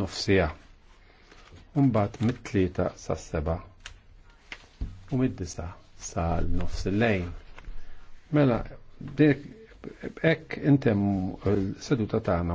nofsija. Umbat mit-tlieta sa' seba u mid-disa sa' l-nofs il-lejn. Mela, dik ek intem seduta tagħna